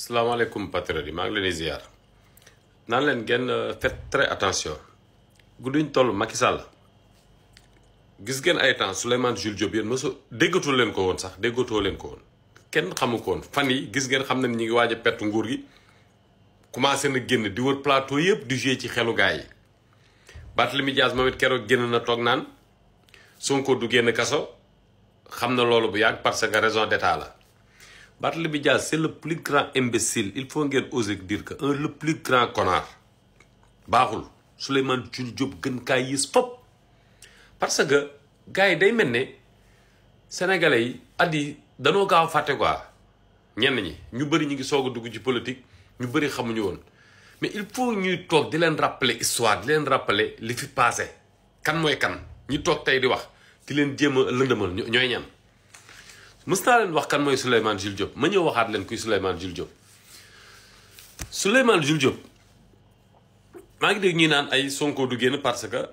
salaamaaleykum patriotes yi maa ngi leen di ziar naan leen genn euh, fait très attention gudduñ toll Macky Sall gis ngeen ay temps Souleymane Jules Diop yéen mosu déggatul leen ko woon sax déggatoo leen ko woon kenn xamu ko woon fan yi gis ngeen xam ne ñu ngi waaj a perte nguur gi commencé na génn di wër plateau yëpp di jouer ci xelu gaay yi Barthélémy Dias ma it keroog génn na toog naan Sonko du génn kaso xam na loolu bu yàgg parce que raison d'état la Barthélémy Dias c'est le plus grand imbécile il faut ngeen oser dire que un le plus grand connard baaxul Souleymane Jules Diop gën kaa yées fop parce que gars yi day mel ne sénégalais yi at yi danoo gaaw fàtte quoi ñenn ñi ñu bëri ñu ngi soog a dugg ci politique ñu bëri xamuñu woon mais il faut ñuy toog di leen rappeler histoire di leen rappeler li fi passé kan mooy kan ñi toog tey di wax di leen jéem a lëndëmal ñooy ñan mës naa leen wax kan mooy Souleymane Jules Diop ma ñëw waxaat leen kuy Souleymane Jules Diop Souleymane Jules Diop maa ngi dégg ñi naan ay Sonko du génn parce que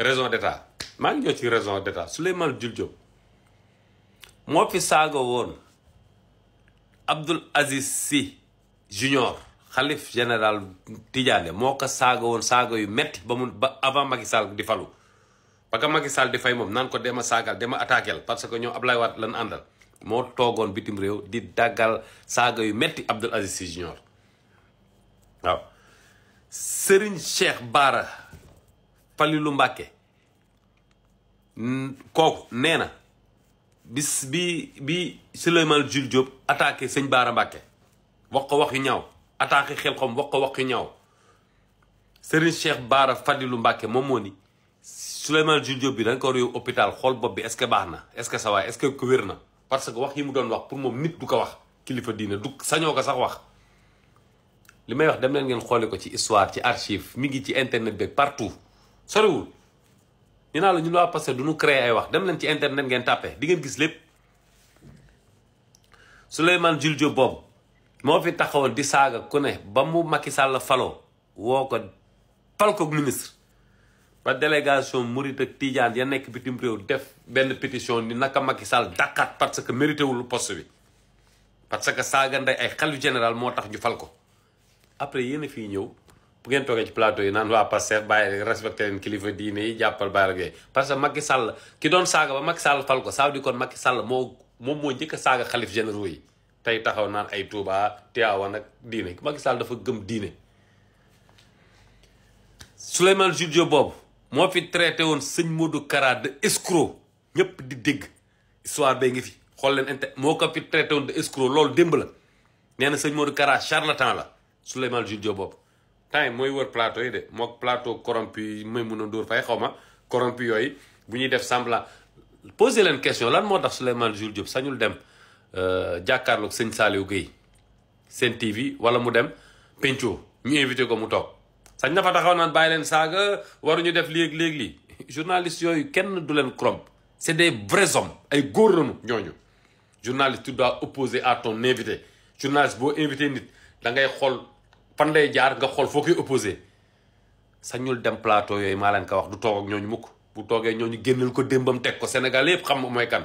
raison d'état maa ngi ñëw ci raison d'état Souleymane Jules Diop moo fi saaga woon Abdoul Aziz Sy junior xalif général Tidiane moo ko saaga woon saaga yu metti ba mu ba avant Macky Sall di falu parce que Macky Sall di fay moom naan ko dema saagal dema attaquel parce que ñoo Ablaye Wade lan àndal moo toogoon bitim réew di daggal saaga yu metti Abdoul Aziz Sy Junior waaw Serigne Cheikh Baara Falilou Mbàkke kooku nee na bis bi bi Souleymane Jules Diop attaqué sëñ Baara Mbàkke wax ko wax yu ñaaw attaqué Xelcom wax ko wax yu ñaaw Serigne Cheikh Baara Falilou Mbàkke moom moo ni Souleymane Jules Diop bi dañ ko réew hôpital xool bopp bi est baax na est-ce que ça ce que ku na parce que wax yi mu doon wax pour moom nit du ko wax kilifa diine du sañoo ko sax wax li may wax dem leen ngeen xoole ko ci histoire ci archive mi ngi ci internet beeg partout soriwul ñu naa la ñu waa parce que du ñu créer ay wax dem leen ci internet ngeen tàppe di ngeen gis lépp Souleymane Jules Diop boobu moo fi taxawal di saaga ku ne ba mu Macky Sall faloo woo ko fal ko ministre ba délégation Mouride ak Tidiane ya nekk bitim réew def benn pétition ni naka Macky Sall dàqaat parce que mérité wul poste bi parce que saaga ndey ay xalifa général moo tax ñu fal ko après yéen a fii ñëw bu ngeen toogee ci plateau yi naan waa Pastef bàyyi respecté leen kilifa diine yi jàppal bàyyi ak yooyu parce que Macky Sall ki doon saaga ba Macky Sall fal ko ça veut dire kon Macky Sall moo moom moo njëkk a saaga xalif généraux yi tey taxaw naan ay Touba Tiwaawan ak diine Macky Sall dafa gëm diine Souleymane Jules moo fi traité woon sëñ moodu Kara de escroc ñëpp di dégg histoire bee ngi fi xool leen inte moo ko fi traité woon de escroc loolu démb la nee na sëñ Modou Kara charlatan la Souleymane Jules Diop boobu temps mooy wër plateau yi de moo plateau corrompu yi may mun a dóor fay xaw ma corrompu yooyu bu ñuy def semblant posé leen question lan moo tax Souleymane Jules Diop sañul dem euh, jàkkaarloog sëñ Saliou Guèye seen TV wala mu dem penco ñu invité ko mu toog sañ na fa taxaw naan bàyyi leen saaga waruñu def léeg léegi lii journaliste yooyu kenn du leen cromp c'est des vrais hommes ay góor lañu ñooñu journaliste tu dois opposer à ton journaliste boo invité nit da ngay xool fan lay jaar nga xool foo koy opposé sañul dem plateau yooyu maa leen ko wax du toog ak ñooñu mukk bu toogee ñooñu génnal ko démbam teg ko Sénégal yëpp xam mooy kan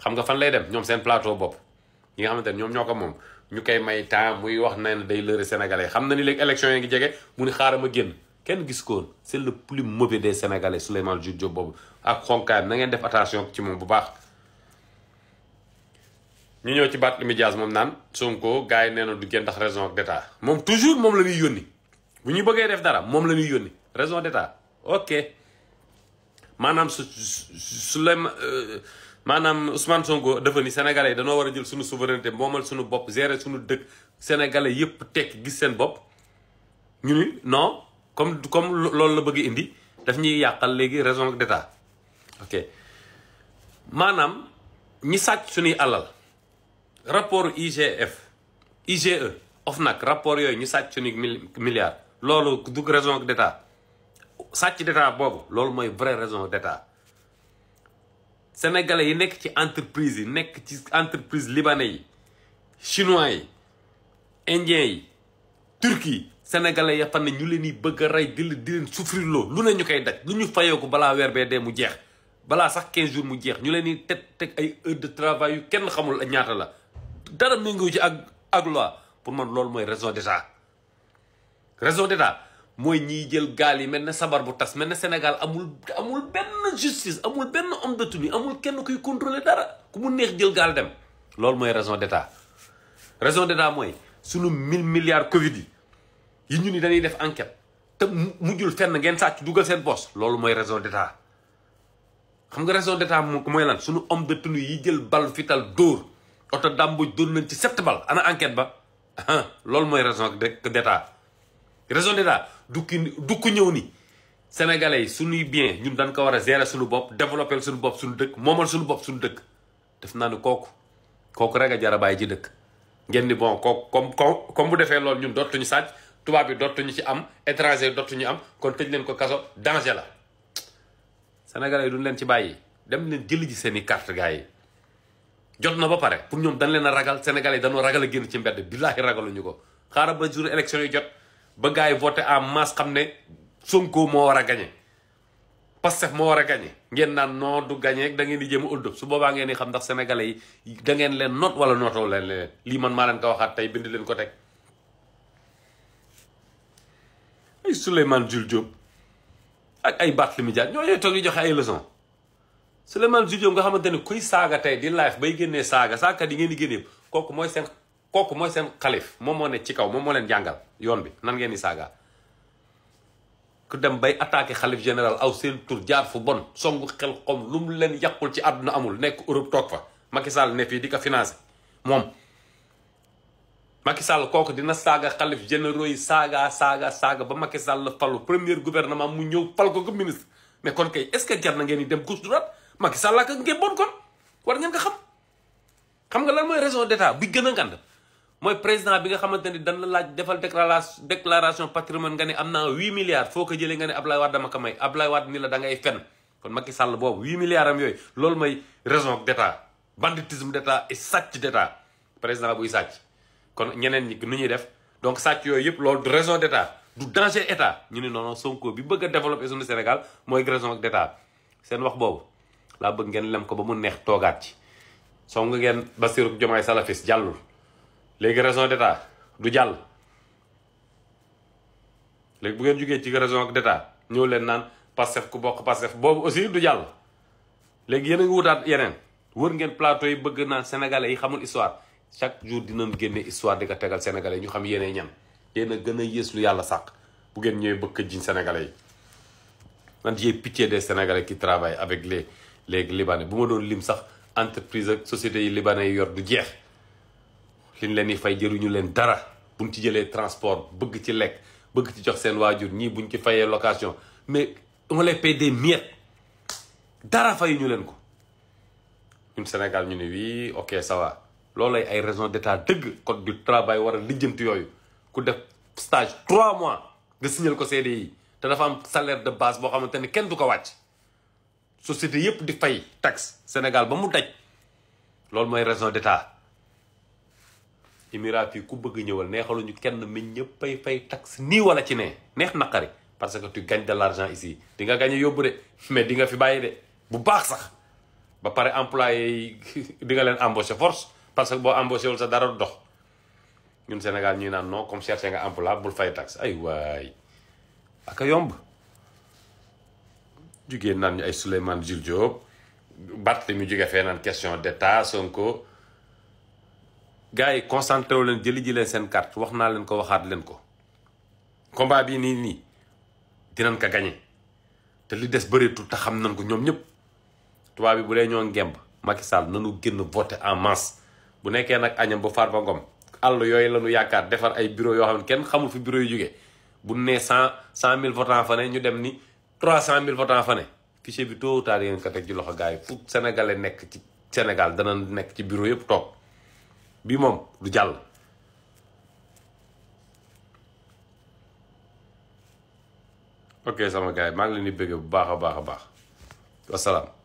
xam nga fan lay dem ñoom seen plateau bopp yi nga xamante ne ñoom ñoo ko moom ñu koy may temps muy wax na ne day lëre sénégalais xam na ni léegi élection yi ngi jege mu ni xaaral ma génn kenn gis ko woon c'est le plus mauvais des sénégalais Souleymane Jules Diop boobu ak xonkaan na ngeen def attention ci moom bu baax. ñu ñëw ci Barthélémy Dias moom naan Sonko gars yi nee na du génn ndax raison d'état moom toujours moom la ñuy yónni bu ñu bëggee def dara moom la ñuy yónni raison d'état ok maanaam su maanaam Ousmane Sonko dafa ni sénégalais yi dañoo war a jël suñu souveraineté moomal suñu bopp gérer suñu dëkk sénégalais yépp tekk gis seen bopp ñu ni non comme comme loolu la bëgg indi daf ñuy yàqal léegi raison d'état ok maanaam ñi sàcc suñuy alal rapport IGF IGE nag rapport yooyu ñu sàcc suñuy milliards loolu du raison d'état sàcc d'état boobu loolu mooy vraie raison d'état sénégalais yi nekk ci entreprise yi nekk ci entreprise libanais yi chinois yi indien yi turquie sénégalais ya fan ne ñu leen di bëgg rey di di leen souffrir lu ne ñu koy daj lu ñu fayoo ko balaa weer bee dee mu jeex balaa sax quinze jours mu jeex ñu leen di teg teg ay heures de travail yu kenn xamul ñaata la dara méngowu ci ak ak loi pour man loolu mooy raison d'état raison d'état mooy ñii jël gaal yi mel na sabar bu tas mel ne Sénégal amul amul benn justice amul benn homme de tenue amul kenn kuy contrôler dara ku mu neex jël gaal dem. lool mooy raison d'état raison d'état mooy suñu mille milliards Covid yi yi ñu ni dañuy def enquête te mujjul fenn ngeen sàcc dugal seen poche loolu mooy raison d'état xam nga raison d'état moom mooy lan suñu homme de tenue yi jël bal fital dóor oto dàmbuj dóor nañ ci sept bal ana enquête ba loolu mooy raison d'état raison d'état du ki du ñëw ni sénégalais yi suñuy bien ñun dañ ko war a gérer suñu bopp développer suñu bopp suñu dëkk moomal suñu bopp suñu dëkk def naa ni kooku kooku rek a jar a bàyyi ci dëkk ngeen ni bon kooku comme comme comme bu defee loolu ñun dootuñu sàcc tubaab bi dootuñu ci am étranger dootuñu am kon tëj leen ko kaso danger la sénégalais yi duñ leen ci bàyyi dem leen jëli ji seen i carte gars yi jot na ba pare pour ñoom dañ leen a ragal sénégalais yi dañoo ragal génn ci mbedd billaahi ragaluñu ko xaaral ba jour élection yi jot ba gars yi voté en masse xam ne Sonko moo war a gagné Pastef moo war a gagné ngeen naan noo du gagné da ngeen di jéem a su boobaa ngeen di xam ndax sénégalais yi da leen noot wala nootoo leen leen lii man maa leen ko waxaat tey bind leen ko teg. ay Souleymane Jules ak ay Barthélémy Dias ñooñu toog di joxe ay leçon Souleymane Jules Diop nga xamante ne kuy saaga tey di live bay génnee saaga saakat yi ngeen di génnee kooku mooy seen kooku mooy seen xalif moom moo ne ci kaw moom moo leen jàngal yoon bi nan ngeen di saaga ku dem bay attaqué xalif général aw seen tur jaar fu bon songu xel xom lu mu leen yàqul ci àdduna amul nekk Europe toog fa Macky Sall ne fii di ko financé moom Macky Sall kooku dina saaga xalif généraux yi saagaa saaga saaga ba Macky Sall la falu premier gouvernement mu ñëw fal ko comme ministre mais kon kay est-ce que jar na ngeen di dem gauche droite Macky Sall laa ko ngeen war ngeen ko xam xam nga lan mooy raison d'état bi gën a ngand mooy président bi nga xamante ni dan la laaj defal déclaration déclaration patrimoine nga ne am naa huit milliards foo ko jëlee nga ne Ablaye Wade dama ko may Ablaye Wade ni la da ngay fen kon Macky Sall boobu huit milliards am yooyu loolu mooy raison d'état banditisme d'état et sàcc d'état président buy sàcc kon ñeneen ñi nu ñuy def donc sàcc yooyu yëpp loolu du raison d'état du danger état ñu ne non non Sonko bi bëgg a développer suñu Sénégal mooy raison d'état seen wax boobu laa bëgg ngeen lem ko ba mu neex toogaat ci song ngeen Bassirou Diomaye Salafis jàllul. léegi raison d'état du jàll léegi bu ngeen jugee ci raison d'état ñëw leen naan Pastef ku bokk Pastef boobu aussi du jàll léegi yéen a ngi wutaat yeneen wër ngeen plateau yi bëgg naa sénégalais yi xamul histoire chaque jour dinañ génne histoire di ko tegal sénégalais ñu xam yenee ñan yéen a gën a yées lu yàlla sàq bu ngeen ñëwee bëgg jiñ sénégalais yi man j'ai pitié de sénégalais qui travaillent avec les les libanais bu ma doon lim sax entreprise ak sociétés yi libanais yi yor du jeex liñ leen di fay jëruñu leen dara buñ ci jëlee transport bëgg ci lekk bëgg ci jox seen waajur ñii buñ ci fayee location mais on les paye des miettes dara fayuñu leen ko ñun Sénégal ñu ne wii ok ça loolu ay ay raison d'état dëgg code du travail war a lijjant yooyu ku def stage trois mois nga signal ko CDI te dafa am salaire de base boo xamante ni kenn du ko wàcc société yëpp di fay taxe Sénégal ba mu daj loolu mooy raison d'état émirats yi ku bëgg ñëwal ñu kenn mi ñëppay fay taxe nii walla ci ne neex naqari parce que tu gagnes de l'argent ici di nga gagné yóbbu de mais di nga fi bàyyi de bu baax sax ba pare employé yi di nga leen embauché force parce que boo embauché wul sa dara dox ñun Sénégal ñuy naan non comme cherché nga emploi bul fay taxe ay waay ak yomb jugee naan ñu ay Souleymane Jules Diop Barthélémy mu jóge fee naan question d'état Sonko gars yi concentré wu leen jëli ji leen seen carte wax naa leen ko waxaat leen ko combat bii nii nii dinañ ko gañe te li des bëreetul te xam nañ ko ñoom ñëpp tubaab bi bu dee ñoo ngemb Macky Sall nanu génn voté en mance bu nekkee nag añam bu ba Farba Ngom àll yooyu la ñu yaakaar defar ay bureau yoo xam ne kenn xamul fi bureau yu jógee bu nee cent cent mille votants fa ne ñu dem ni trois cent mille votants fa ne fichier bi tôt ou tard yéen teg ci loxo gars yi fu nekk ci Sénégal dana nekk ci bureau yëpp toog bi moom du jàll ok sama gars yi maa ngi leen di bëgg bu baax a baax a baax wasalaam